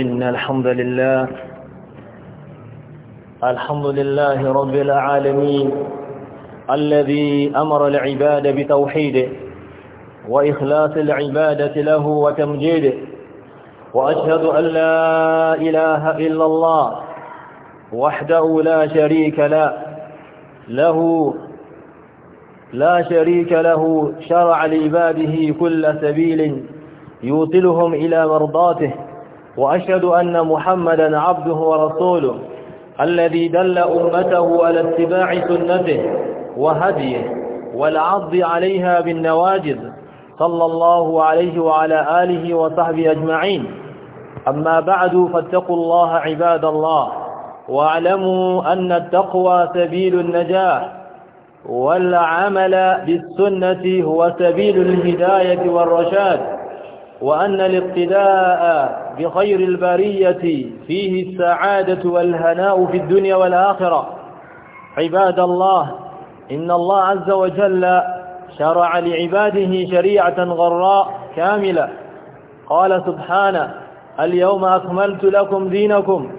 إن الحمد لله الحمد لله رب العالمين الذي أمر العباد بتوحيده وإخلاص العبادة له وتمجيده وأشهد أن لا إله إلا الله وحده لا شريك له له لا شريك له شرع لعباده كل سبيل يوصلهم إلى مرضاته وأشهد أن محمدا عبده ورسوله الذي دل أمته على اتباع سنته وهديه والعض عليها بالنواجذ صلى الله عليه وعلى آله وصحبه أجمعين أما بعد فاتقوا الله عباد الله واعلموا أن التقوى سبيل النجاح والعمل بالسنة هو سبيل الهداية والرشاد وأن الاقتداء بخير البرية فيه السعادة والهناء في الدنيا والآخرة عباد الله إن الله عز وجل شرع لعباده شريعة غراء كاملة قال سبحانه اليوم أكملت لكم دينكم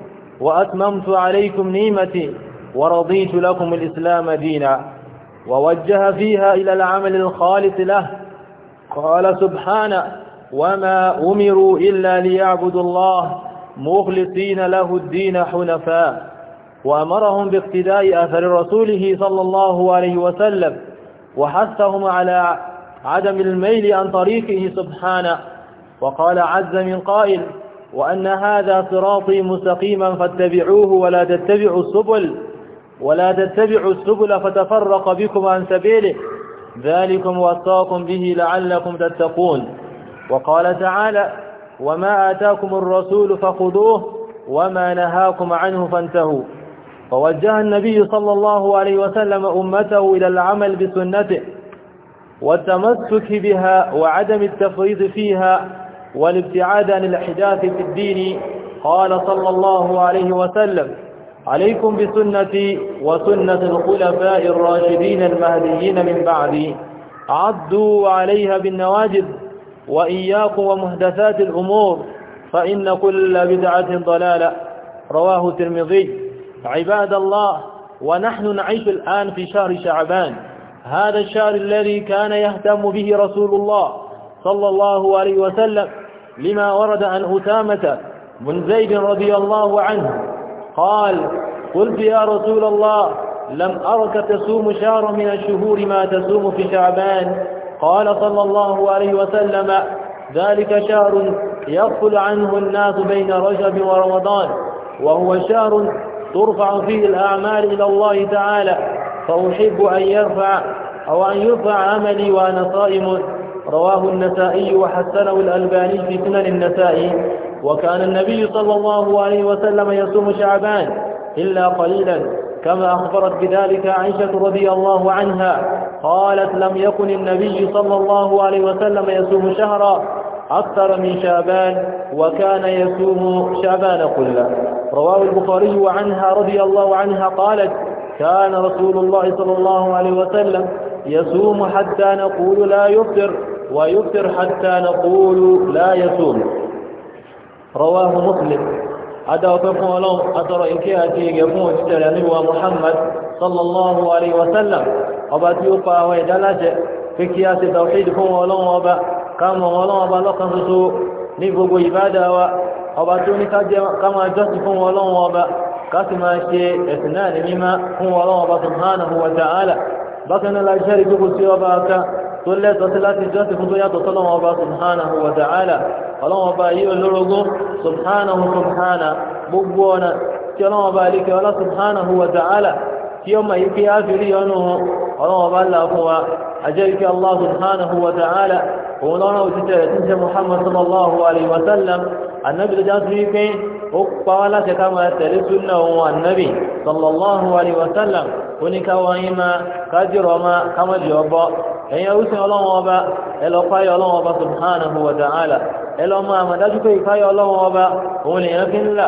وأتممت عليكم نيمتي ورضيت لكم الإسلام دينا ووجه فيها إلى العمل الخالص له قال سبحانه وما أمروا إلا ليعبدوا الله مخلصين له الدين حنفاء وأمرهم باقتداء أثر رسوله صلى الله عليه وسلم وحثهم على عدم الميل عن طريقه سبحانه وقال عز من قائل وأن هذا صراطي مستقيما فاتبعوه ولا تتبعوا السبل ولا تتبعوا السبل فتفرق بكم عن سبيله ذلكم وصاكم به لعلكم تتقون وقال تعالى وما آتاكم الرسول فخذوه وما نهاكم عنه فانتهوا فوجه النبي صلى الله عليه وسلم أمته إلى العمل بسنته والتمسك بها وعدم التفريط فيها والابتعاد عن الاحداث في الدين قال صلى الله عليه وسلم عليكم بسنتي وسنة الخلفاء الراشدين المهديين من بعدي عضوا عليها بالنواجذ وإياكم ومهدثات الأمور فإن كل بدعة ضلالة رواه الترمذي عباد الله ونحن نعيش الآن في شهر شعبان هذا الشهر الذي كان يهتم به رسول الله صلى الله عليه وسلم لما ورد عن أسامة بن زيد رضي الله عنه قال قلت يا رسول الله لم أرك تصوم شهر من الشهور ما تصوم في شعبان قال صلى الله عليه وسلم ذلك شهر يغفل عنه الناس بين رجب ورمضان وهو شهر ترفع فيه الأعمال إلى الله تعالى فأحب أن يرفع أو أن يرفع عملي وأنا صائم رواه النسائي وحسنه الألباني في سنن النسائي وكان النبي صلى الله عليه وسلم يصوم شعبان إلا قليلا كما أخبرت بذلك عائشة رضي الله عنها قالت لم يكن النبي صلى الله عليه وسلم يصوم شهرا أكثر من شابان وكان يصوم شابان كله رواه البخاري وعنها رضي الله عنها قالت كان رسول الله صلى الله عليه وسلم يصوم حتى نقول لا يفطر ويفطر حتى نقول لا يصوم رواه مسلم هذا وفقه لهم أترى إن كاتي يقول محمد sallallahu alaihi wasallam ọba tí ó pa àwọn ẹ̀dá láṣẹ pé kí a ṣe tawhid fún ọlọ́run ọba káàmù ọlọ́run ọba lọ́kan ṣoṣo ní gbogbo ìbádà wa ọba tó ní káàmà jọ́sì fún ọlọ́run ọba káàsì máa ṣe ẹ̀sìn náà ní mímá fún ọlọ́run ọba subhanahu wa ta'ala bákan náà láìṣẹ́ rí gbogbo sí ọba aka tó lẹ́tọ̀ọ́ sí láti jọ́sì fún tó yàtọ̀ sọ́lọ́run ọba subhanahu wa ta'ala ọlọ́run ọba yìí olórogún subhanahu subhana gbogbo ọ̀nà tí ọlọ́run ọba àlíkẹ́ ọlá subhanahu wa ta'ala tí ó ma yí pé a fi rí ọnù ọlọ́wọ́ bá là fún wa ajẹ́ ikẹ́ Allah subhanahu wa ta'ala òun lọ́nà òtítẹ̀ rẹ̀ tíjẹ́ Muhammad sallallahu alaihi wa sallam annabi tó já sí wípé ó pa wá láti ká máa tẹ̀lé súnà ohun annabi sallallahu alaihi wa sallam ó ní ká wáyé ma ká jùrọ ma ká má jù ọbọ ẹ̀yìn orúsìn ọlọ́wọ́ ọba ẹlọ páyọ ọlọ́wọ́ ọba subhanahu wa ta'ala ẹlọ máa mà dájú pé ìpáyọ ọlọ́wọ́ ọba òun lèèyàn fi ńlá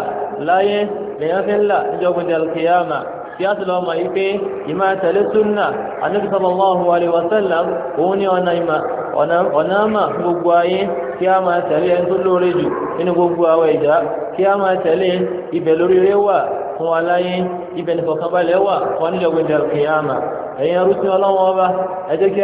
láyé lèèyàn fi ńlá níjọ́gbìn dẹ̀lkìyàmà tí a sì lọ mọ̀ wípé ìmá tẹ̀lé súnà Ànábì sallallahu alaihi wasallam òun ni ọ̀nà àmà gbogbo ayé kí a máa tẹ̀lé ẹni tó lóore jù nínú gbogbo àwọn ìdá kí a máa tẹ̀lé ibẹ̀ lórí rẹ̀ wà fún aláyé ibẹ̀ nìfọ̀kànbalẹ̀ wà fún nílọ̀gbẹ̀dẹ̀ kìyàmà ẹ̀yin arúsí ọlọ́wọ́ ọba ẹ jẹ́ kí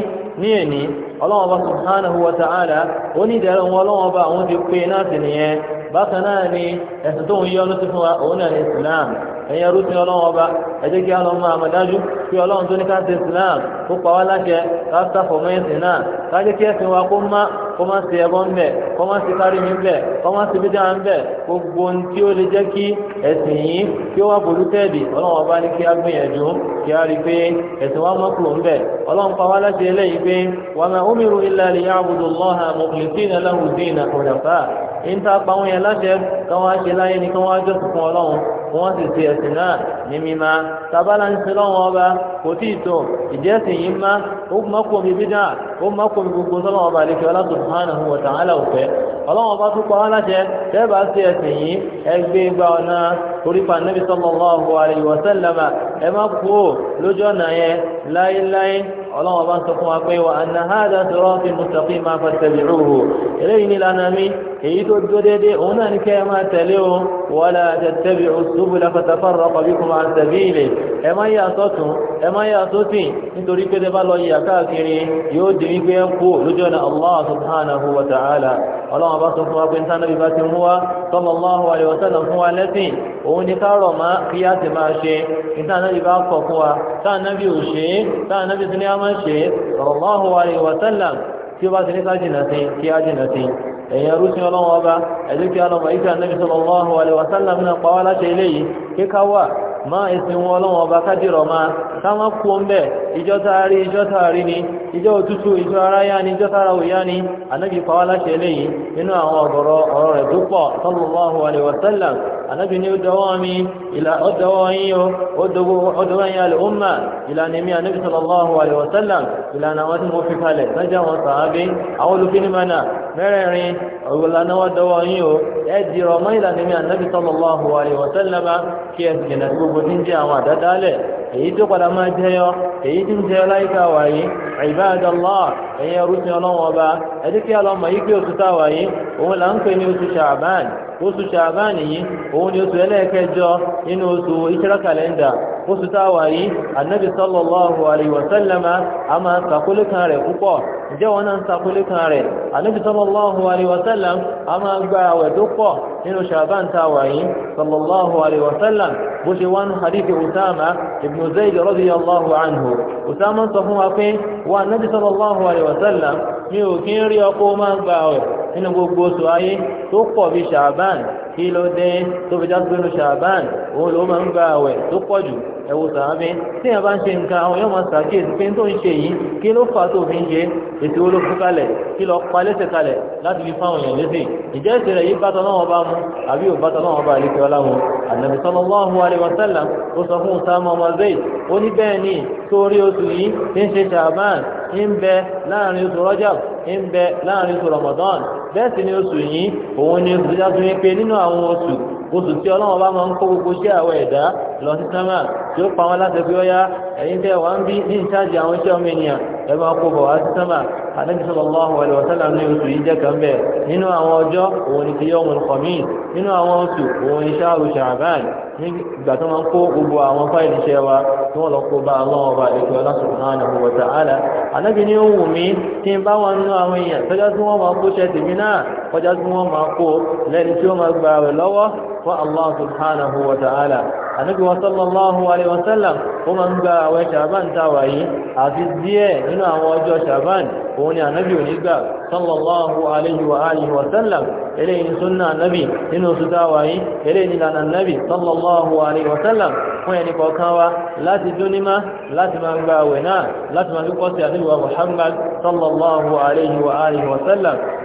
a ní èní ọlọ́wọ́n bá subhanahu wa ta'ala ó ní ìdẹ̀rẹ̀ bá àwọn ti pé náà sì nìyẹn bákan náà ni ẹ̀sìn tó ń yọ ló ti fún wa òun náà ni islam ẹ̀yin ẹrú ti ọlọ́run ọba ẹ jẹ́ kí ọlọ́run máa mọ̀dájú kí ọlọ́run tó ní ká ṣe islam kó pa wá láṣẹ ká sáfọ̀ mọ́ ẹ̀sìn náà ká jẹ́ kí ẹ̀sìn wa kó má kó má ṣe ẹbọ ńbẹ kó má ṣe kárí mi ńbẹ kó má ṣe bídà ńbẹ gbogbo ohun tí ó lè jẹ́ kí ẹ̀sìn yìí kí ó wá bolú tẹ́ẹ̀dì ọlọ́run ọba ní kí á gbìyànjú kí á rí pé ẹ̀sìn wa mọ́ kúrò ńbẹ ọlọ́run pa wá láṣẹ eléyìí pé wa ma umiru illa liya'budu allaha ń ta pa wọn yẹn láṣẹ káwọn á láyé ni káwọn á jọ́sìn fún ọlọ́run wọ́n sì ṣe ẹ̀sìn náà ní mímá tàbálà ń sin lọ́wọ́ ọba kò tí ì tó ìjẹ́sìn yìí má ó mọ́kò mi bí náà ó mọ́kò mi gbogbo sọ́lọ́wọ́ ọba àlekè ọlọ́dún hánà hùwà tàhálà òfẹ́ ọlọ́wọ́ bá ń sọ fún wa pé wa anna hadha sirati mustaqima fattabi'uhu eléyìí ní lánàá mi èyí tó dúró déédéé òun náà ní kẹ́ ẹ máa tẹ̀lé o wala tattabi'u السبل فتفرق بكم عن سبيله ẹ má yà sọ́tún ẹ má yà sósì nítorí pé tẹ́bá lọ yà káàkiri yóò dì ní pé ń kú lójú ọ̀nà Allah subhanahu wa ta'ala ọlọ́run bá sọ fún wa pé ń tánà bí bá ti mú wa sallallahu alaihi wa sallam fún wa lẹ́sìn òun ni káàrọ̀ má kí á ti máa ṣe ní tánà bí bá kọ̀ fún wa tánà bí ò ṣe tánà bí ti ní a máa ṣe sallallahu alaihi wa sallam tí ó bá ti ní ká jìnà sí kí á jìnà sí ẹ̀yìn arúsí ọlọ́wọ́ ọba ẹ̀dẹ́kẹ́ ọlọ́wọ́ ìfẹ́ ànábì sallallahu alaihi wasallam náà pàwọ́ láti eléyìí kíká wà máa ìsìn wọn ọlọ́wọ́n ọba kádìrọ̀ máa sáwọn kú ọmọ ìjọ taari ìjọ taari ni ìjọ òtútù ìjọ aráyá ni ìjọ tara òyá ni anábì pàwọ́ láti eléyìí nínú àwọn ọ̀gọ̀rọ̀ ọ̀rọ̀ rẹ̀ tó pọ̀ sallallahu alaihi wasallam anábì ní ọdọwọ́ mi dìrọ̀ mọ́ ìlànà mi anábì sallallahu alaihi wasallam kí ẹ sì nà sí gbogbo tí ń jẹ́ àwọn àdádálẹ̀ èyí tó padà máa jẹyọ èyí tí ń jẹyọ láyíká wáyé Ibadallah ẹ̀yẹ rúṣin ọlọ́wọ́n ọba ẹ̀dí kí ọlọ́mọ yìí pé oṣù táwáyé òun là ń pè ní oṣù Sha'ban oṣù ṣàbáàn yìí òun ni oṣù ẹlẹ́ẹ̀kẹjọ nínú oṣù ìṣẹ́rà kàlẹ́ndà oṣù táwà yìí annabi sallallahu alaihi wasallama a máa sàkólé kan rẹ̀ púpọ̀ ǹjẹ́ wọn náà sàkólé kan rẹ̀ annabi sallallahu alaihi wasallam a máa gba àwẹ̀ tó pọ̀ nínú ṣàbáàn táwà yìí sallallahu alaihi wasallam bó ṣe wọ́n hadithi usama ibn zayd radiyallahu anhu usama sọ fún wa pé wa annabi sallallahu alaihi wasallam mi ò rí ọkọ̀ máa gba àwẹ̀ nínú gbogbo oṣù ayé tó pọ̀ bí ṣàbán kí ló dé tó fi já gbénu ṣàbán òun ló máa ń gba àwẹ̀ tó pọ̀ jù ẹ̀wọ̀ sàábí tí ẹ̀ bá ń ṣe nǹkan àwọn yọ́mọ sàkíyèsí pé tó ń ṣe yìí kí ló fà tó fi ń ṣe ètò olókùn kalẹ̀ kí lọ pa lẹ́sẹ̀ kalẹ̀ láti fi fáwọn èèyàn lẹ́sẹ̀ ìjẹ́ ìṣẹ̀lẹ̀ yìí bàtọ̀ náà bá mu àbí ò bàtọ̀ náà bá àlejò ọláwọn ànàbì sallallahu alaihi wasallam ó sọ fún Usama ọmọ zayd ó ní bẹ́ẹ̀ ni sórí oṣù yìí tí Ọlọ́run bá máa ń kó gbogbo iṣẹ́ àwọn ẹ̀dá lọ sí sámà tí ó pa wọn láti pé ó yá ẹ̀yìn tẹ́ wà ń bí ní ìtajà àwọn iṣẹ́ ọmọ ènìyàn ẹgbẹ́ ọkọ̀ bọ̀ wá sí sánmà ànábì sallallahu alaihi wasallam ní oṣù yìí jẹ́ kan bẹ̀ nínú àwọn ọjọ́ òun ni ti yawmul khamis nínú àwọn oṣù òun ni shahru sha'ban nígbà tó máa ń kó gbogbo àwọn fáìlì iṣẹ́ wa tí wọ́n lọ ànábì wọn sallallahu alaihi wasallam ó máa ń gba àwẹ̀ ṣàbán táwà yìí àti díẹ̀ nínú àwọn ọjọ́ ṣàbán òun ni ànábì ò ní gbà sallallahu alaihi wa alihi wasallam eléyìí ni súnà ànábì nínú oṣù táwà yìí eléyìí ni lànà ànábì sallallahu alaihi wasallam fún ẹni kọ̀ọ̀kan wa láti dúnímá láti máa gba àwẹ̀ náà láti máa fi kọ́ sí ànábì wa Muhammad sallallahu alaihi wa alihi wasallam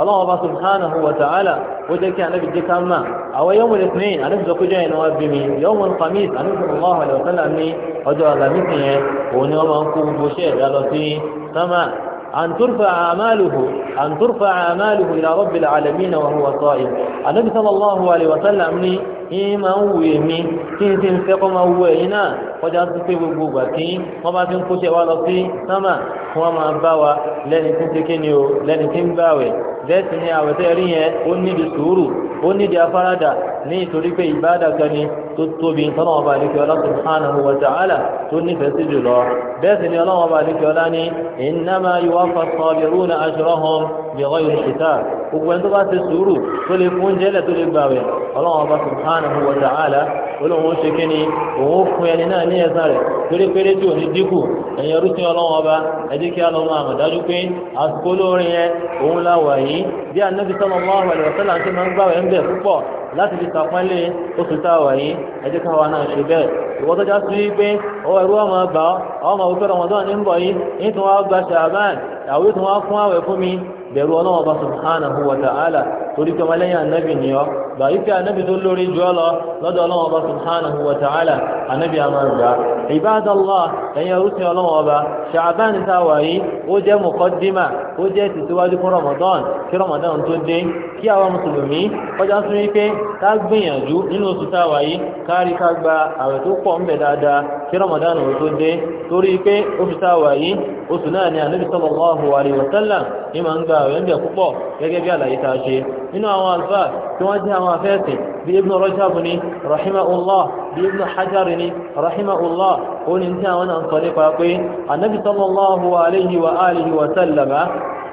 ọlọ́wọ́n bá subhanahu wa ta'ala ó jẹ́ kí anábì jẹ́ ká mà àwọn yawm al-ithnain anábì sọ kójọ́ ìnáwó bí mi yawm al-khamis anábì sallallahu alaihi wa sallam ní ọjọ́ alamisi yẹn òun ni wọ́n máa ń kó gbogbo ṣẹ́ ẹ̀dá an turfa amaluhu an turfa amaluhu ila rabbil alamin wa huwa sa'im anábì sallallahu wa sallam ní yín máa ń wù èmi tí n ti ń fẹ́ kọ́ máa wù ẹ̀yin náà kọjá sí pé gbogbo ìgbà tí wọ́n bá ti ń kó ṣe wá lọ sí sámà kí wọ́n máa bá wa lẹ́ni tí ń ṣe kí ni o lẹ́ni tí ń bá wẹ̀ bẹ́ẹ̀ sì ni àwẹ̀ tẹ́ rí yẹn ó nídìí sùúrù ó nídìí afárádà ní ìtorí pé ìbáàdà kan tó tóbi tọ́nà ọba àdìkẹ́ ọlá subhanahu wa ta'ala tó nífẹ̀ẹ́ sí jùlọ bẹ́ẹ̀ sì ni ọlọ́wọ́ ọba àdìkẹ́ ọlá ní innama yuwaffa as-sabiruna ajrahum yọ̀wọ́ yìí ṣìtá gbogbo ẹni tó bá ṣe sùúrù tó lè fún oúnjẹ lẹ̀ tó lè gbàwẹ̀ ọlọ́run ọba subhanahu wa ta'ala olóhùn ó ṣe kí ni òun ó fún ẹni náà ní ẹ̀san rẹ̀ torí péré tí ò ní dínkù ẹ̀yin ọdún ọlọ́run ọba ẹ jẹ́ kí a lọ mọ àmọ̀ dájú pé àsìkò olórin yẹn òun la wà yìí bí Ànábì sallallahu alaihi wasallam ṣe máa tó já sí pé ọwọ́ ẹ̀rú ọmọ ọgbà ọmọ òfin ọmọdé ní ń bọ̀ yìí ní tí wọ́n gba ṣàbán àwọn ètò wọn fún àwẹ̀ fún mi bẹ̀rù ọlọ́wọ́ bá subhanahu wa ta'ala torí kọmọ lẹ́yìn anábì ni ọ bá yí pé tó lórí jọ lọ lọ́dọ̀ ọlọ́wọ́ bá subhanahu wa ta'ala anábì a máa gbà ibadallah ẹ̀yìn orúsìn ọlọ́wọ́ bá ṣàbáni táwà yìí ó jẹ́ muqaddima ó jẹ́ tìsíwájú fún ramadan kí ramadan tó dé kí àwọn mùsùlùmí kọjá sún wípé ká gbìyànjú nínú oṣù táwà yìí kárí ká gba àwẹ̀ tó pọ̀ ń bẹ dáadáa kí ramadan tó dé torí pé oṣù táwà yìí oṣù náà ni anábì sallallahu alaihi wa ní máa ń gba àwẹ̀ ń bẹ̀ púpọ̀ gẹ́gẹ́ bí àlàyé tá a ṣe nínú àwọn alfa tí wọ́n jẹ́ àwọn afẹ́ẹ̀sìn bí ibn rajab ni rahimahullah bí ibn hajar ni rahimahullah ó ní tí àwọn àǹsọ̀ nípa pé annabi sallallahu alaihi wa alihi wa sallama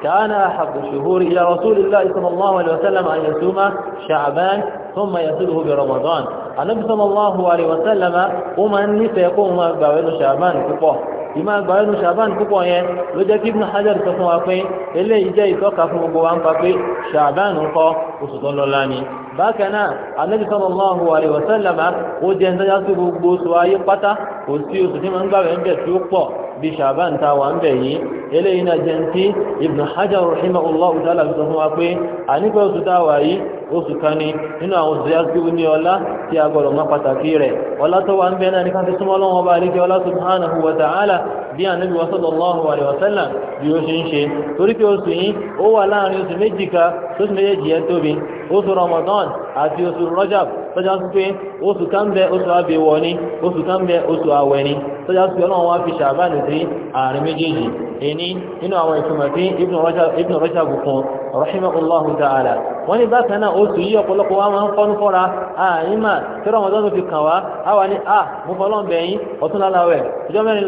كان أحب الشهور إلى رسول الله صلى الله عليه وسلم أن يصوم شعبان ثم يصله برمضان النبي صلى الله عليه وسلم ومن يسيقوم بابن شعبان كفوه ìmọ̀ àgbà ẹnu ṣàbán púpọ̀ yẹn ló jẹ́ kí Ibn Hajar sọ fún wa pé eléyìí jẹ́ ìtọ́ka fún gbogbo wa ń pa pé ṣàbán ń kọ́ oṣù tó lọ́lá ni bákan náà Ànábì sallallahu alaihi wa sallama ó jẹ́ ń tọ́já sí gbogbo oṣù ayé pátá kò sí oṣù tí wọ́n ń gbàwẹ̀ ń bẹ̀ tí pọ̀ bí ṣàbán ta wà ń bẹ̀ yìí eléyìí náà jẹ́ tí ibn hajar rahimahullah ta'ala fi sọ fún wa pé a nípa oṣù tá wà yìí oṣù kan ni nínú àwọn oṣù yá sí ní lọ́wọ́ wa ta'ala bí ó ṣe ń ṣe torí oṣù yìí ó wà láàrin oṣù méjì tó sì méjèèjì yẹn tóbi oṣù ramadan àti oṣù rajab tọ́já sí pé oṣù kan bẹ oṣù abẹ́wọ̀ ni oṣù kan bẹ oṣù àwẹ̀ ni tọ́já sí ọlọ́run wá fi ṣàbánì sí ààrin méjèèjì èní nínú àwọn ìtumọ̀ tí ibn rajab fún rahimahullahu ta'ala wọ́n ní bákan náà oṣù yí ọ̀pọ̀lọpọ̀ wa máa ń fọ́nú fọ́ra àyíma tí ramadan fi kàn wá a wà ní a mú fọlọ́n bẹ̀yìn ọ̀tún láláwẹ̀ ọjọ́ mẹ́rin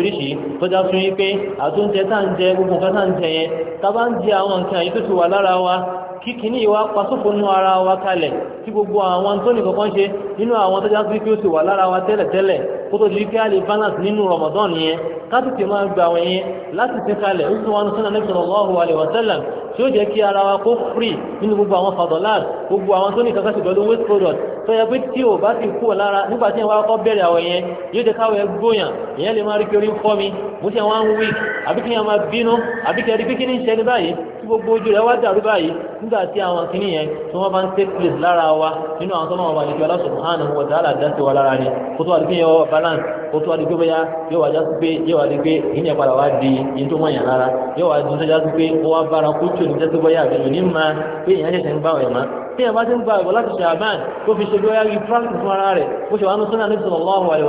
oríṣiríṣi tó já fún yí pé àtúnjẹ tá ń jẹ gbogbo nǹkan tá ń jẹ yẹn tá bá ń jẹ àwọn nǹkan yìí tó ti wà lára wa kíkíní ìwà pasófónú ara wa kalẹ̀ tí gbogbo àwọn tó ní kọ̀kan ṣe nínú àwọn tó já sí pé ó ti wà lára wa tẹ́lẹ̀tẹ́lẹ̀ kó tó di pé a lè balance nínú Ramadan yẹn káti ti máa gba àwọn láti ti kalẹ̀ ó sì wọn sọ́nà Nabi sallallahu alaihi wa sallam tí ó jẹ́ kí ara wa kó free nínú gbogbo àwọn fàdọ̀láàt gbogbo àwọn tó ní kọ̀kan ṣe pẹ̀lú waste product tó yẹ pé tí ò bá ti kú ọ̀ lára nígbà tí wọ́n kọ́ bẹ̀rẹ̀ àwọ̀ yẹn yóò ti káwọ̀ ẹgbóyàn ìyẹn lè máa rí kiri ń fọ́ mi mo ti àwọn wí àbí kí n máa bínú àbí kí n rí pé kí ní ṣe ní báyìí tí gbogbo ojú rẹ̀ wá dàrú báyìí nígbà tí àwọn kìíní yẹn tí wọ́n bá ń take place lára wa nínú àwọn tọ́lọ́wọ́ bá nìkí aláṣọ mọ́hánà wọ̀ dáhàlà dáṣẹ́ wa lára ni kó tó wà dípé yẹn wọ́n balance kó tó wà dípé bóyá yóò wá já sí pé yóò wá dípé ìyẹn padà wá di yẹn tó mọ̀yàn lára yóò wá dúró já sí pé ó wá bára kó tó ní jẹ́ sí bóyá àbẹ̀yìn ní ma pé ìyẹn ṣẹ̀ṣẹ̀ ń bá wẹ̀ mọ́ tí ẹ̀ bá ti ń gba ìbọ̀ láti ṣàbán tó fi ṣe bí ó yá rí practice fún ara rẹ̀ bó ṣe wà nínú sunnah Nabi sallallahu alaihi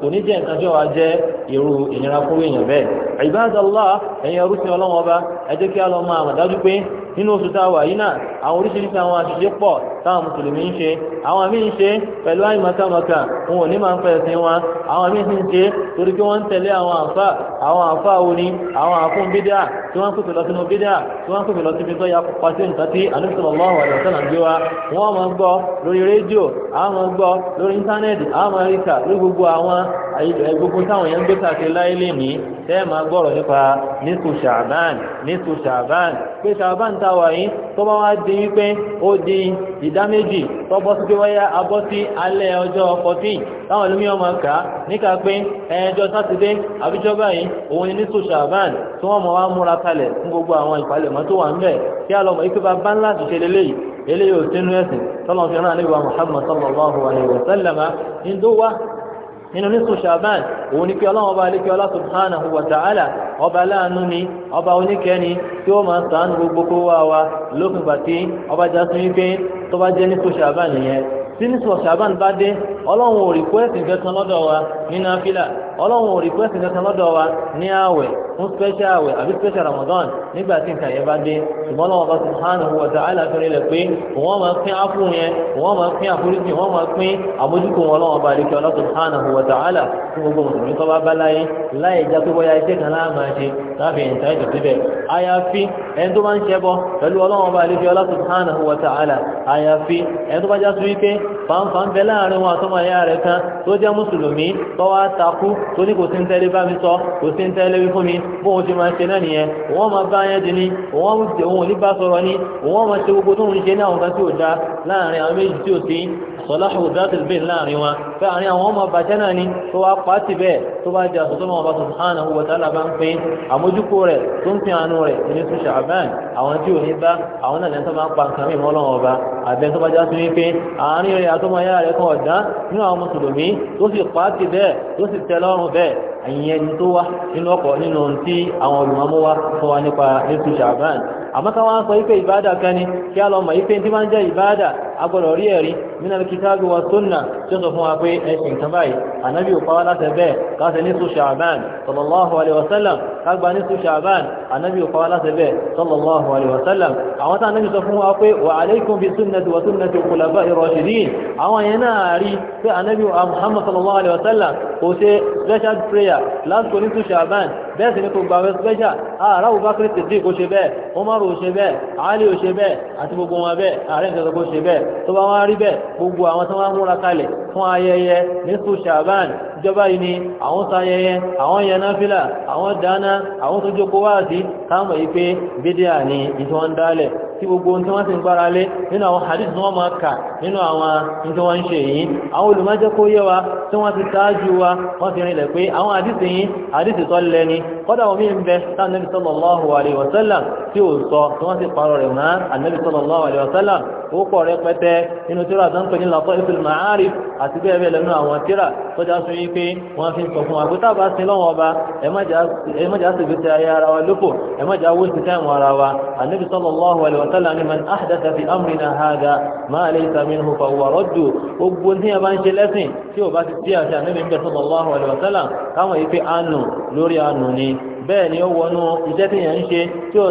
kò ní jẹ́ nǹkan tí wàá jẹ́ irú ìnira fún èèyàn bẹ́ẹ̀ ibadallah ẹ̀yin ọrùsìn ọlọ́wọ́n ọba ẹ jẹ́ kí a lọ máa mọ̀ pé nínú oṣù tá a wà yìí náà àwọn oríṣiríṣi àwọn àṣìṣe pọ̀ táwọn mùsùlùmí ń ṣe àwọn míì ń ṣe pẹ̀lú wọn ò ní máa ń wọn àwọn ń ṣe torí pé wọ́n ń tẹ̀lé àwọn àwọn òní àwọn ya nǹkan tí gbogbo táwọn yẹn ń gbé sàṣẹ láyé lè ní tẹ́ẹ̀ máa gbọ́rọ̀ nípa nísù ṣàbán nísù ṣàbán pé ṣàbán táwa yìí tó bá wá di wípé ó di ìdá méjì tó bọ́ sí pé wáyá abọ́ sí alẹ́ ọjọ́ 14 táwọn olómi ọmọ kà á níka pé ẹjọ́ sátidé àbíjọba yìí òun ni nísù ṣàbán tí wọ́n mọ̀ wá múra kalẹ̀ fún gbogbo àwọn ìpalẹ̀mọ́ tó wà ń bẹ̀ kí a lọ ikú bá bá ńlá àṣìṣe lélẹ́yìí eléyìí ò sínú ẹ̀sìn tọ́lọ́ fi rán sallallahu alaihi wa sallama ní wá nínú nísù ṣàbán òun ni kí ọlọ́run ọba alẹ́kẹ́ ọlá subhanahu wa ta'ala ọba aláàánú ni ọba oníkẹ́ni tí ó máa sàánù gbogbo kó wá wa lópin ìgbà ọba já sí wípé tó bá jẹ́ ní sọ́ṣà bá nìyẹn tí ní sọ́ṣà bá ń bá dé ọlọ́run ò rìkwẹ́sì wa ní náfílà ọlọ́run ò rìkwẹ́sì kankan lọ́dọ̀ wa ní fún special Ramadan nígbà tí bá dé ṣùgbọ́n bá yàtọ̀ síbẹ̀ àyàfi ẹni tó bá ń ṣẹbọ pẹ̀lú ọlọ́wọ́n bá ilé fi ọlá subhanahu wa ta'ala àyàfi ẹni tó bá já sí wípé fàǹfà ń bẹ láàrin wọn àtọ́mọ̀ ẹ̀yà rẹ̀ kan tó jẹ́ mùsùlùmí tó wá takú tó ní kò sí ń tẹ́lé bá mi sọ kò sí tẹ́lé wí fún mi bó ti máa ṣe náà nìyẹn wọ́n máa bá yẹn dì ní òun ò ní bá sọ̀rọ̀ ní òun máa ṣe gbogbo tó ń ṣe ní àwọn kan tí ò dá láàrin àwọn méjì tí ò sí sọ́láhù dáàtì bíi láàrin wa pé àárín àwọn ọmọ bàjẹ́ náà ni tó wá pàtì bẹ́ẹ̀ tó bá jẹ́ àṣọ tó máa bá subhanahu wa ta'ala bá ń pín àmójúkó rẹ̀ tó ń pín àánú rẹ̀ ní oṣù ṣàbán àwọn tí ò ní bá àwọn náà lẹ́ńtọ́ máa ń pa nǹkan mí mọ́ lọ́wọ́ ọba àbẹ́ tó bá já sí wípé àárín rẹ̀ àtọ́mọyá rẹ̀ kan ọ̀dá nínú àwọn mùsùlùmí tó sì pàtì bẹ́ẹ̀ tó sì tẹ́ lọ́rùn bẹ́ẹ̀ ẹ̀yìn ẹni tó wá nínú ọkọ̀ nínú tí àwọn olùmọ́mú wá fún wa nípa ní oṣù ṣàbán àmọ́ ká wọ́n sọ ipe ìbádà kan ni kí a lọ mọ̀ ipe tí máa ń jẹ́ ìbádà agbọ́dọ̀ rí ẹ̀rí nínú kìtàbí wa sunna tí ó sọ fún wa pé ẹ̀sìn kan báyìí ànábì ò pàwọ́ láti bẹ́ẹ̀ káṣẹ ní sùn ṣàbán sallallahu alaihi wasallam kágbà ní sùn ṣàbán ànábì ò pàwọ́ láti bẹ́ẹ̀ sallallahu alaihi wasallam àwọn tá ànábì sọ fún wa pé wa alaikum bi sunnati wa sunnati khulafa ar-rashidin kò ṣe special prayer lásìkò ní ṣàbán bẹ́ẹ̀ sì kò gbàwẹ̀ special ààrá Abubakar Siddiq kò ṣe bẹ́ẹ̀ Umar ò ṣe bẹ́ẹ̀ àálì ò ṣe bẹ́ẹ̀ àti gbogbo wọn bẹ́ẹ̀ ààrẹ nǹkan gbogbo ṣe bẹ́ẹ̀ tó bá wá rí bẹ́ẹ̀ gbogbo àwọn tó wá múra kalẹ̀ fún ayẹyẹ nísù ṣàbán ìjọba yìí ni àwọn sayẹyẹ àwọn yẹnà àwọn dáná àwọn tó jókòó wá sí káàmọ̀ yìí pé bídíà ni ìtọ́ ń dálẹ̀ tí gbogbo ohun tí wọ́n ti ń gbára lé nínú àwọn hadith tí wọ́n máa kà nínú àwọn ohun tí wọ́n ń ṣe yìí àwọn olùmọ́jẹ́kó yé wa tí wọ́n ti ṣáájú wa wọ́n fi rinlẹ̀ pé àwọn hadith yìí hadith tọ́lẹ́ni kọ́dà omi ń bẹ táwọn nẹ́bí sallallahu alaihi wasallam tí ó sọ tí wọ́n sì parọ́ rẹ̀ máa ànẹ́bí sallallahu alaihi wasallam ó pọ̀ rẹ̀ pẹ́tẹ́ nínú tíra tó ń pè ní Lataiful Ma'arif àti bẹ́ẹ̀ bẹ́ẹ̀ lẹ́nu àwọn tíra tó já sí wípé wọ́n fi ń sọ fún àgbétà bá sin lọ́wọ́ ọba ẹmọ́jà sì gbé ayé ara wa lóko ẹmọ́jà wó sí táìmù ara wa ànẹ́bí sallallahu alaihi wasallam ni man ahdatha fi amrina tí a bá ti sí àṣà ànẹ́bí sallallahu káwọn yìí àánú lórí àánú ni bẹ́ẹ̀ ni ó wọnú iṣẹ́ tí yẹn ń ṣe tí ó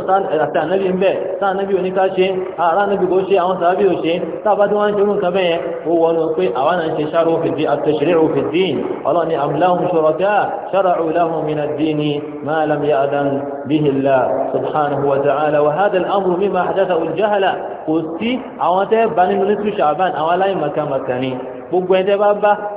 àti ànábì ń bẹ̀ tá ànábì oníká ṣe ara ànábì kò ṣe àwọn sàábì ò ṣe tá a bá tí wọ́n ń ṣe orúkọ bẹ́ẹ̀ yẹn ó wọnú pé àwa náà ń ṣe ṣáàrù òfìdí àtẹ̀ṣẹ̀rẹ̀ òfìdí ọlọ́ni àmìláhùn ṣọ̀rọ̀ká ṣáàrù láhùn min ad-dini ma lam ya'dan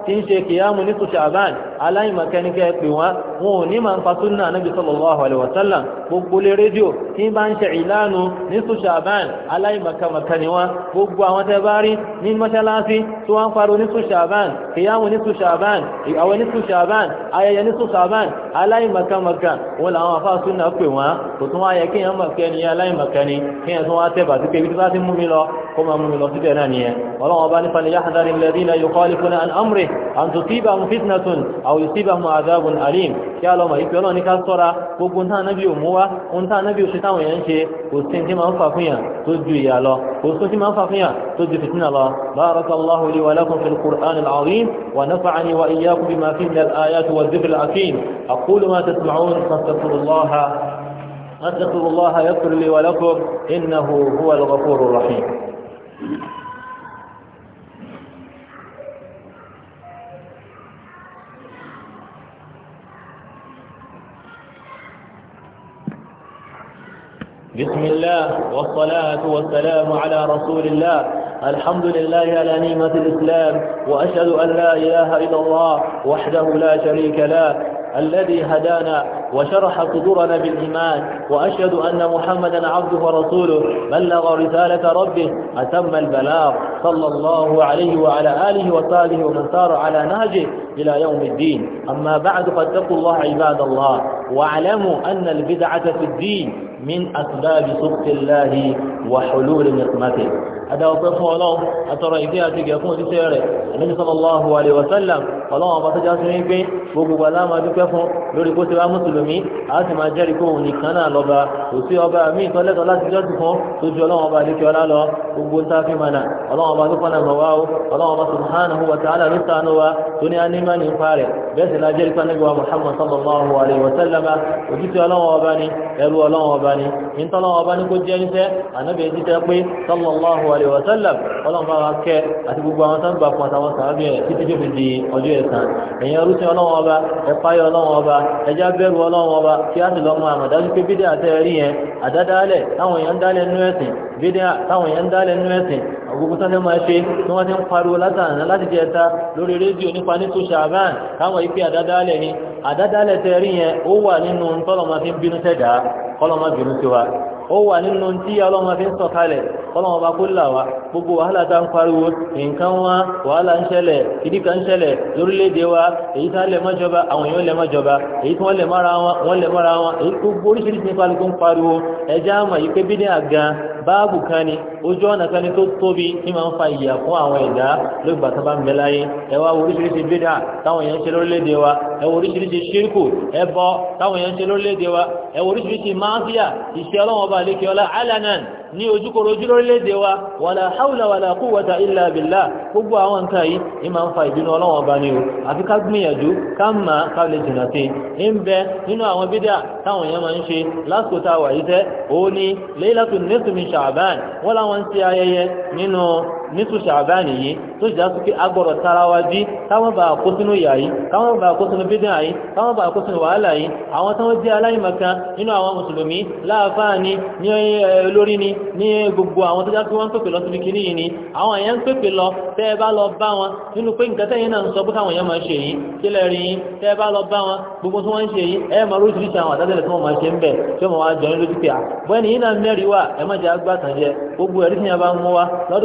tí ń ṣe kìyàmù ní ṣàbán aláìmọ̀kẹ́nikẹ́ pè wọ́n wọn ò ní ma ń fasúnnà anábi sallallahu alaihi wasallam gbogbo lè rédíò tí bá ń ṣe ìlànà ní ṣàbán aláìmọ̀kẹ́mọ̀kẹ́niwá gbogbo àwọn tẹ́ bá rí ní mọ́ṣáláṣí tí wọ́n ń faro ní ṣàbán kìyàmù ní ṣàbán ìyàwó ní ṣàbán ayẹyẹ ní ṣàbán aláìmọ̀kẹ́mọ̀kẹ́ wọn làwọn afásúnnà pè wọ́n kò tún wáyẹ kí yẹn mọ̀kẹ́ni aláìmọ̀kẹ́ni kí yẹn náà nìyẹn ọlọ́wọ́n an tusibahum fitnatun aw yusibahum adhabun alim kí a lọ mọ̀ ìpẹ́ ọlọ́ni ká sọ́ra gbogbo ntá nábì òmúwá ntá nábì òṣì táwọn èèyàn ṣe kò sí tí máa ń fà fún yàn tó ju ìyà lọ kò sí tí máa ń fà fún yàn tó ju fìtínà lọ barakallahu li wa lakum fil qur'an al-azim wa nafa'ani wa iyyakum bima fihi min al-ayat wa dhikr al-hakim aqulu ma tasma'un fastaghfirullah أستغفر الله يغفر لي ولكم إنه هو الغفور الرحيم بسم الله والصلاة والسلام على رسول الله الحمد لله على نعمة الإسلام وأشهد أن لا إله إلا الله وحده لا شريك له الذي هدانا وشرح صدورنا بالإيمان وأشهد أن محمدا عبده ورسوله بلغ رسالة ربه أتم البلاغ صلى الله عليه وعلى آله وصحبه ومن سار على نهجه إلى يوم الدين أما بعد فاتقوا الله عباد الله واعلموا أن البدعة في الدين من أسباب سخط الله وحلول نقمته هذا وصفه الله أترى إذا أتك يكون سيره النبي صلى الله عليه وسلم ọlọ́run ọba tó já sí wípé gbogbo aláma dúpẹ́ fún lórí kó ti wá mùsùlùmí a sì máa jẹ́rìí kó òun nìkan náà lọ́ba kò sí ọba mi ìtọ́lẹ́tọ̀ láti jọ́sìn fún tó ju ọlọ́run ọba àdékè ọlá lọ gbogbo tá a fi mọ̀nà ọlọ́run ọba tó fọ́nà mọ̀ wá o ọlọ́run ọba subhanahu wa ta'ala ló sànú wa tó ní anímọ̀ ní ipa rẹ̀ bẹ́ẹ̀ sì la jẹ́rìí pé nígbà muhammad sallallahu alayhi wa sallam ojútùú ọlọ́run ọba ni ẹrú ọlọ́run ọba ni ìtọ́lọ́run ọba ni kó jẹ́ níṣẹ́ ànábì ẹjí tẹ́ pé sallallahu alayhi wa sallam ọlọ́run bá wa kẹ́ àti gbogbo àwọn sábà pọ̀ àtàwọn sàábì ẹ̀ títí tó fi di ọjọ́ ẹ̀kan ẹ̀yin ọlọ́sìn ọlọ́run ọba ẹ̀páyọ ọlọ́run ọba ẹja bẹ̀rù ọlọ́run ọba kí á sì lọ́mọ àmọ̀dájú pé bídẹ́ àti ẹ̀rí yẹn àdádálẹ̀ táwọn èèyàn ń dálẹ̀ nú ẹ̀sìn bídẹ́ táwọn èèyàn ń dálẹ̀ nú ẹ̀sìn gbogbo tó ní máa ṣe tí wọ́n ti ń pariwo látàrínà láti jẹ ẹta lórí rédíò nípa ní tó ṣàbáàn káwọn ìpé àdádálẹ̀ ni àdádálẹ̀ tẹ́rí yẹn ó wà nínú tọ́lọ́mọ fi ń bínú tẹ́dàá kọ́lọ́mọ bínú sí wa ó wà nínú tí ọlọ́mọ fi ń sọ̀kalẹ̀ ọlọ́wọ́n bá kó là wá gbogbo wàhálà tá ń pariwo nǹkan wá wàhálà ń ṣẹlẹ̀ ìdí kan ń ṣẹlẹ̀ lórílẹ̀‐èdè wa èyí tá lẹ̀ mọ́jọba àwọn èèyàn lẹ̀ mọ́jọba èyí tí wọ́n lẹ̀ mọ́ra wọn wọ́n lẹ̀ mọ́ra wọn èyí gbogbo oríṣiríṣi nípa ló ń pariwo ẹja àmọ̀ yìí pé bídí àgan báàbù kan ni ojú ọ̀nà kan ni tó tóbi ní máa ń fa ìyà fún àwọn ẹ̀dá lóògbà tó bá ń bẹ láyé ẹ wá oríṣiríṣi bídà táwọn èèyàn ń ṣe lórílẹ̀ wa ẹ wo oríṣiríṣi ṣírkù ẹbọ táwọn èèyàn ń ṣe lórílẹ̀ wa ẹ wo oríṣiríṣi máfíà ìṣẹ́ ọlọ́wọ́n ọba àlékè ọlá alanan ní ojúkorojú lórílẹ̀-èdè wa wàlà haúlà wàlà quwwata illa billah gbogbo àwọn nǹkan yìí ní máa ń fa ìbínú ọlọ́wọ́n bá ní o àfi ká gbìyànjú ká mà ká lè jìnà sí i ń bẹ nínú àwọn bídà táwọn èèyàn máa ń ṣe lásìkò wà yìí tẹ́ òun ni laylatul nisfi min sha'ban wọ́n láwọn ń ṣe ayẹyẹ nínú nísù ṣàbáàní yìí tó ṣe jásù pé agbọ̀rọ̀ tara wa jí káwọn bá kó sínú ìyà yìí káwọn bá kó sínú bídíà yìí káwọn bá kó sínú wàhálà yìí àwọn tán jẹ́ aláìmọ̀kan nínú àwọn mùsùlùmí láàfáà ni ní eh, ni ní gbogbo àwọn tó jásù wọn pèpè lọ síbi kìíní yìí ni àwọn èèyàn ń pèpè lọ tẹ́ ẹ bá lọ bá wọn nínú pé nǹkan tẹ́yìn náà ń sọ bókà àwọn èèyàn máa ṣe yìí kí lẹ́ rí yín tẹ́ ẹ bá lọ bá wọn wọ́n ń ṣe yìí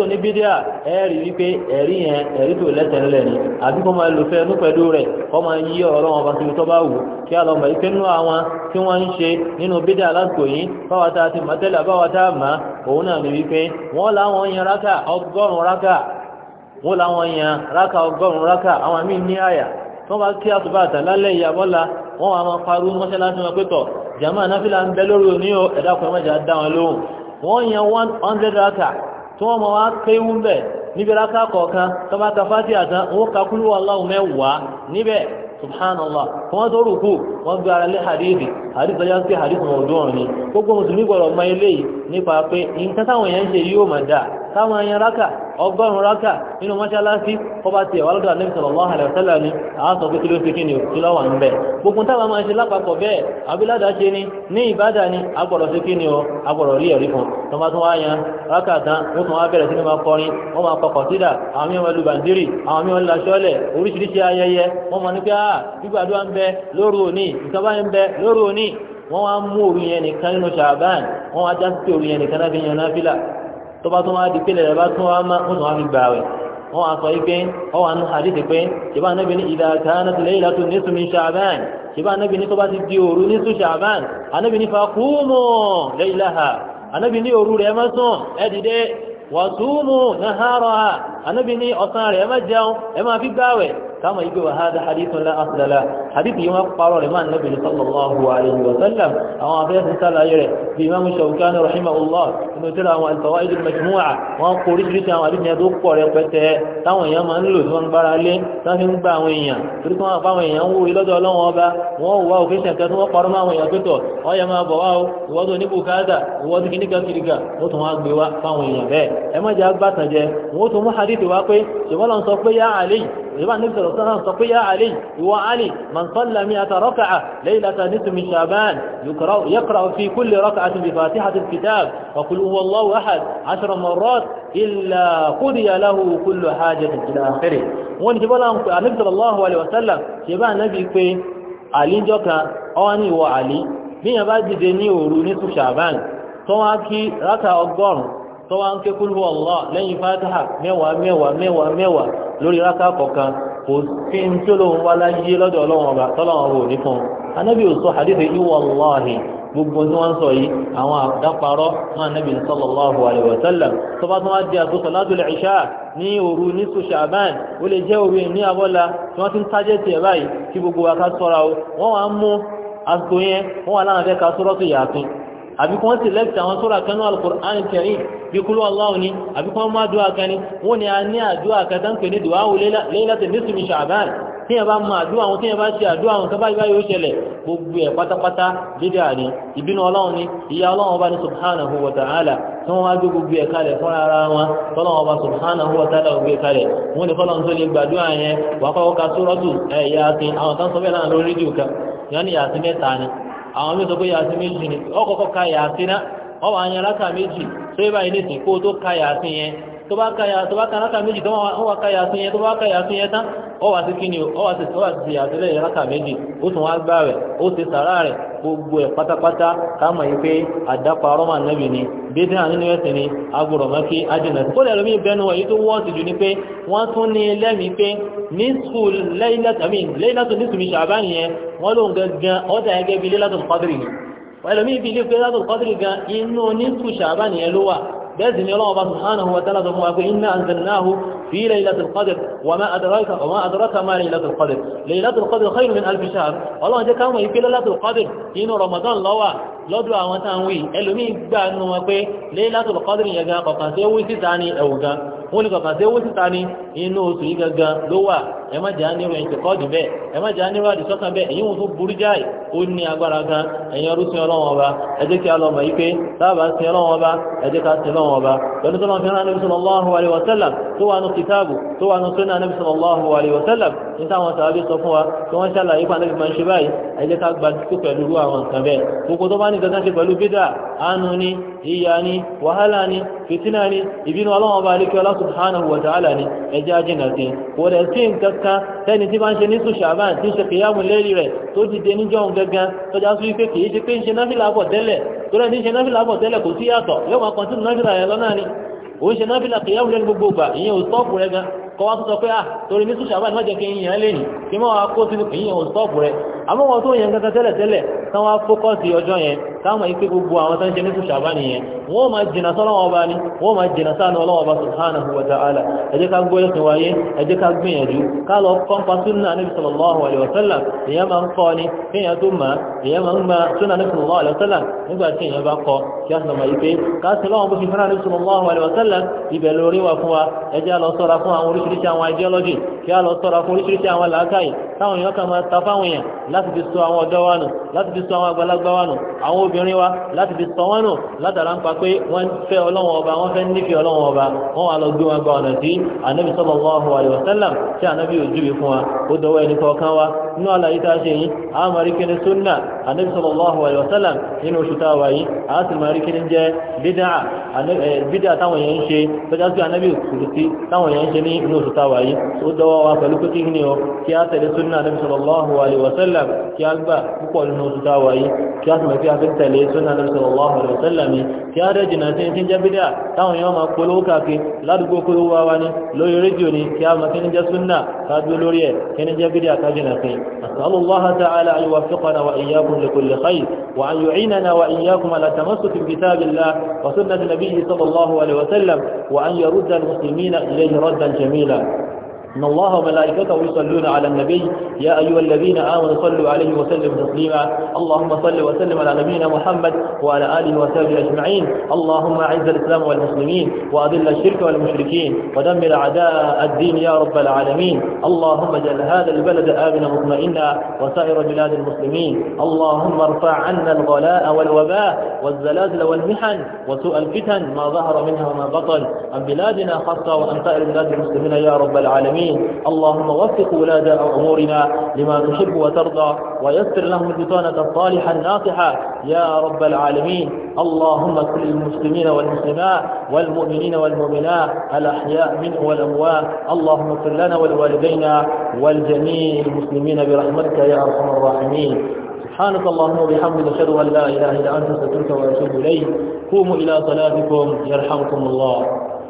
ní bídíà kódà ẹ̀rí wípé ẹ̀rí yẹn ẹ̀rí tó lẹ́tẹ̀ẹ́lẹ̀ ni àbí kó máa lò fẹ́ẹ́nu pẹ̀lú rẹ̀ kó máa yí ọ̀rọ̀ wọn bàtí tó bá wù kí alọ́mọ ìpé nínú àwọn tí wọ́n ń ṣe nínú bídà lásìkò yìí báwa tá a ti mọ̀ tẹ́lẹ̀ báwa tá a mọ̀ òun náà ni wípé wọ́n láwọn yan rákà ọgọ́rùn-ún rákà wọ́n láwọn yan rákà ọgọ́rùn-ún rákà àwọn míì ní àyà tó bá kí àtúbà àtàlálẹ̀ ìyàbọ́lá wọ́n wà máa parú mọ́ṣáláṣí wọn pẹ́tọ̀ jàmáà náfìlà ń bẹ lórí òní ẹ̀dá kan mọ́jà dá wọn lóhùn wọ́n yan one hundred rákà tí wọ́n mọ̀ wá kéwú bẹ̀ níbi rákà kọ̀ọ̀kan tó bá ka fátíà tán ó ka kúlú wallahu mẹ́wàá níbẹ̀ subhanallah tí wọ́n tó rùkú wọ́n gbé ara lé hadithi hadithi tó yá sí hadithi mọ̀ọ́dún ọ̀run gbogbo mùsùlùmí gbọ́dọ̀ mọ eléyìí nípa pé nǹkan táwọn èèyàn ń ṣe yóò máa dáa káwọn ẹyìn rákà ọgọ́rùn rákà nínú mọ́ṣáláṣí kó bá ti ẹ̀wà lọ́dọ̀ Ànábì sallallahu alaihi wasallam ni àásọ pé kí ló ti kí ni kí lọ́wà ń bẹ̀ gbogbo táwọn máa ń ṣe lápapọ̀ bẹ́ẹ̀ abilada ṣe ni ní ìbádà ni agbọ̀rọ̀ sí ni o agbọ̀rọ̀ rí ẹ̀rí fún wọ́n wá mú òru yẹn nìkan nínú ṣàbáàn wọ́n wá dá sí òru yẹn nìkan náà fi yan náà fílà tó bá tún wá di pélé rẹ̀ bá tún wá má wọ́n tún wá fi gbà wẹ̀ wọ́n wá sọ yìí pé wọ́n wá nù hadith pé ṣèbá anábì ní idha kanat laylatu nisfu min Sha'ban ṣèbá anábì ní tó bá ti di òru nisfu Sha'ban anábì ní faqumu laylaha anábì ní òru rẹ̀ má sùn ẹ dìde wasumu naharaha anábì ní ọ̀sán rẹ̀ má jẹun ẹ má fi gbà wẹ̀ káàmà yìí pé wà hádà hadith ńlá àtìlálá hadith yìí wọ́n parọ́ rẹ̀ máa nàbì sallallahu alayhi wa sallam àwọn afẹ́sìn sálàyé rẹ̀ bí imam shawkani rahimahullah inú tíra àwọn alfawaid majmua wọn kò oríṣiríṣi àwọn àdúgbò yẹn tó pọ̀ rẹpẹtẹ táwọn èèyàn máa ń lò tí wọ́n ń gbára lé tán fi ń gba àwọn èèyàn torí kí wọ́n bá àwọn èèyàn wò lọ́dọ̀ ọlọ́wọ́n ọba wọ́n wà òfin ṣẹ̀kẹ́ tí wọ́n parọ́ mọ́ àwọn èèyàn pẹ́tọ̀ wọ́n yẹ máa bọ̀ wá o ìwọ́n tó ní bùkátà ìwọ́n tó kíníkà kìríkà wọ́n tún wá gbé wá fáwọn èèyàn bẹ́ẹ̀ ẹ má jẹ́ agbátànjẹ wọ́n tún mú hadith wá pé ṣùgbọ́n lọ́n sọ pé yá àlè ìbá níbi sọ̀rọ̀ sọ́nà sọ pé yá alì ìwọ alì man sọ́lá mi àtà rọ́kàá lẹ́yìnlátà ní tumi shaban yẹ́kọ̀rọ̀ fi kúlẹ̀ rọ́kàá tún bí fàtí àti kitab ọkùl uwallahu ahad ashra marrat illa kudiya lahu kullu hajjatin ila akhiri wọ́n ti bọ́lá àníbi sallallahu alaihi wasallam ṣe bá nábi pé alì jọka ọwọ́ ní ìwọ alì bí yẹn bá dìde ní òru ní tù shaban tó wá kí rákà ọgọ́rùn-ún tó wá ń ké kúlù ọ̀lá lẹ́yìn fátáhà mẹ́wàá mẹ́wàá mẹ́wàá mẹ́wàá lórí rákà kọ̀ọ̀kan kò sí ń tó lóun wá láyé lọ́dọ̀ ọlọ́run ọba tọ́lọ́run ọba òní fún un anábì ò sọ àdéhùn ìwọ̀ ọlọ́ọ̀hìn gbogbo tí wọ́n ń sọ yìí àwọn àdáparọ́ máa nábì sallallahu alaihi wa sallam tó bá tún wá di àtúnṣe ní òru ní sùṣàbán ó lè jẹ́ òru ní abọ́lá tí wọ́n ti ń tájẹ́ tiẹ̀ báyìí kí gbogbo wa ká sọ́ra o wọ́n wá mú àsìkò yẹn wọ́n wá lánàá fẹ́ ká sọ́rọ́ tó yàtún àbí kí wọ́n ti lẹ́kìtì àwọn sura kanú al-Qur'an al-Karim bí kúlú aláwọ̀ ni àbí kí wọ́n máa dúwà kan ni wọ́n ni a ní àdúwà kàtàn pè ní dùwáwò lẹ́yìnlẹ́tẹ̀ ní sùnmi ṣàbáàn tí yẹn bá máa àdúwà wọn tí yẹn bá ṣe àdúwà wọn tó bá yíwá yóò ṣẹlẹ̀ gbogbo ẹ̀ pátápátá dídí àní ìbínú ọlọ́run ni ìyá ọlọ́run ọba ní subhanahu wa ta'ala tí wọ́n wá gbé gbogbo ẹ̀ kalẹ̀ fún ara yàtí mẹ́ta ni àwọn mí sọ pé yàtí méjì ni ọkọ̀ọ̀kọ̀ ka yàtí ná ọwọ́ àyànláka méjì tó yẹ báyìí nìsín kó tó ka yàtí yẹn tó bá ka rákà méjì tó wà ká yàtún yẹn tó bá ká yàtún yẹn tán ó wà sí kíni ó wà sí sí àtúlẹ̀ rákà méjì ó tún wá gbá rẹ̀ ó sì sàrá rẹ̀ gbogbo ẹ̀ pátápátá ká mọ̀ yí pé àdápa rọ́mà nẹ́bì ni bídí à nínú ẹ̀sìn ni agbọ̀rọ̀ mọ́ kí ajínà tó lẹ̀ lómi bẹnu wọ̀nyí tó wọ́n sì jù ní pé wọ́n tún ní lẹ́mìí pé ní ní sùmí ṣàbá wọ́n ló ń gangan ẹgẹ́ bí lẹ́yìnlátò kọ́dìrì بإذن الله سبحانه وتعالى فمواقع إنا أنزلناه في ليلة القدر وما أدراك وما أدراك ما ليلة القدر ليلة القدر خير من ألف شهر والله إذا كان يقول ليلة القدر إنه رمضان لوا lọ́dọ̀ àwọn tá à ń wí ẹlòmíì gbà nínú wọn pé Laylatul Qadr yẹn gan kọ̀kan sí owó síta ní ẹ̀wù gan wọ́n ní kọ̀kan sí owó síta ní inú oṣù yìí gangan ló wà ẹ má jà nírò ẹ̀yìn tẹ̀kọ́ọ̀dù bẹ́ẹ̀ ẹ má jà nírò àdìsọ́kàn bẹ́ẹ̀ èyí wọn tó burú jáì ó ní agbára gan ẹ̀yin ọdún sin ọlọ́wọ́n ọba ẹ jẹ́ kí a lọ mọ̀ yìí pé sábà sin ọlọ́wọ́n ọba ẹ jẹ́ ká ní kankan ṣe pẹ̀lú bídà àánú ni ìyà ni wàhálà ni fìtínà ni ìbínú ọlọ́run ọba alikẹ́ Allah subhanahu wa ta'ala ni ẹjẹ́ ajínà sí kò rẹ̀ sí nǹkankan tẹ́ni tí bá ń ṣe ní sùsàbán tí ń ṣe kìyàmù lérí rẹ̀ tó dìde níjọ́ gangan tó sí wípé kìí ṣe pé ń ṣe náfìlà bọ̀ tẹ́lẹ̀ tó rẹ̀ ní ṣe náfìlà bọ̀ tẹ́lẹ̀ kò sí yàtọ̀ yóò máa kàn àmọ́ wọn tó yẹn kankan tẹ́lẹ̀tẹ́lẹ̀ táwọn fókọ́sì ọjọ́ yẹn táwọn ìpé gbogbo àwọn tó ń ṣe ní ṣàbá nìyẹn wọ́n máa jìnà sọ́lọ́wọ́ bá ní wọ́n máa jìnà sáà lọ́wọ́ bá subhanahu wa ta'ala ẹ jẹ́ ká gbóyè sí wáyé ẹ jẹ́ sallallahu alaihi wasallam èèyàn máa ń kọ́ ni kéèyàn tó sallallahu alaihi wasallam nígbà tí èèyàn bá kọ́ kí a sọ̀rọ̀ yìí pé ká sallallahu alaihi wasallam ibẹ̀ lórí wa fún wa ẹ jẹ́ lọ sọ́ra fún àwọn oríṣiríṣi àwọn ideology kí láti fi sọ àwọn ọ̀dọ́ wa nù láti fi sọ àwọn àgbàlagbà wa nù àwọn obìnrin wa láti fi sọ wọn nù látara ń pa pé wọ́n fẹ́ ọlọ́wọ́n ọba wọ́n fẹ́ nífẹ̀ẹ́ ọlọ́wọ́n ọba wọ́n wà lọ gbé wọn gba ọ̀nà sí ànábì sallallahu alaihi wasallam tí ànábì ò júwe fún wa ó dọwọ́ ẹnì kọ̀ọ̀kan wa inú àlàyé tá a ṣe yìí a máa rí kíní súnà anábì sallallahu alaihi wasallam nínú oṣù tá a wà yìí a sì máa rí kíní jẹ́ eh, bídà táwọn èèyàn ń ṣe tó já sí anábì kùdùsí táwọn èèyàn ń ṣe ní inú oṣù tá a wà yìí ó dọwọ́ wa pẹ̀lú pé kíní o kí a tẹ̀lé súnà anábì sallallahu alaihi wasallam kí a gbà púpọ̀ nínú oṣù tá a wà yìí kí a sì máa fi àfi tẹ̀lé súnà anábì sallallahu alaihi jẹ́ bídà lórí rédíò ni kí a máa kíní jẹ́ súnà ká lórí ẹ̀ kíní jẹ́ bídà ká sí أسأل الله تعالى أن يوفقنا وإياكم لكل خير وأن يعيننا وإياكم على تمسك بكتاب الله وسنة نبيه صلى الله عليه وسلم وأن يرد المسلمين إليه ردا جميلا إن الله وملائكته يصلون على النبي يا أيها الذين آمنوا صلوا عليه وسلم تسليما اللهم صل وسلم على نبينا محمد وعلى آله وصحبه أجمعين اللهم أعز الإسلام والمسلمين وأذل الشرك والمشركين ودمر أعداء الدين يا رب العالمين اللهم اجعل هذا البلد آمنا مطمئنا وسائر بلاد المسلمين اللهم ارفع عنا الغلاء والوباء والزلازل والمحن وسوء الفتن ما ظهر منها وما بطن عن بلادنا خاصة وأن سائر بلاد المسلمين يا رب العالمين العالمين اللهم وفق ولاة أمورنا لما تحب وترضى ويسر لهم البطانة الصالحة الناصحة يا رب العالمين اللهم كل المسلمين والمسلمات والمؤمنين والمؤمنات الأحياء منه والأموات اللهم اغفر لنا ولوالدينا والجميع المسلمين برحمتك يا أرحم الراحمين سبحانك اللهم وبحمدك أشهد أن لا إله إلا أنت أستغفرك وأتوب إليك قوموا إلى صلاتكم يرحمكم الله